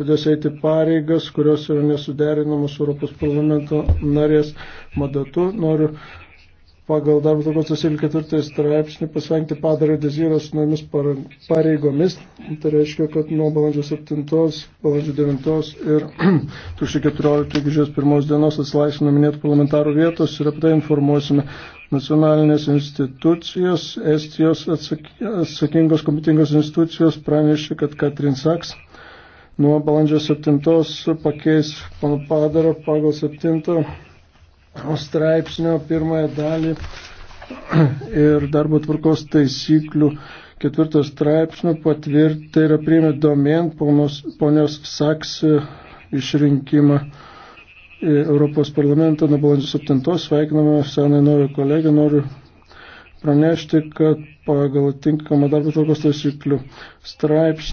pradės eiti pareigas, kurios yra nesuderinamos Europos parlamento narės mandatu. Noriu pagal darbo tvarkos 24 straipsnį pasvengti padarą dezyros namis pareigomis. Tai reiškia, kad nuo balandžio 7, balandžio 9 ir 2014 gegužės 1 dienos atlaisvina minėtų parlamentarų vietos ir apie tai informuosime nacionalinės institucijos, Estijos atsak, atsakingos kompetingos institucijos pranešė, kad Katrin Saks nuo balandžio 7 pakeis padarą pagal 7 straipsnio pirmąją dalį ir darbo tvarkos taisyklių ketvirto straipsnio patvirtinti, tai yra priėmė domen ponios, ponios Saks e, išrinkimą e, Europos parlamentą nuo balandžio 7. Sveikiname senai naują kolegę, noriu pranešti, kad pagal tinkamą darbo tvarkos taisyklių straipsnį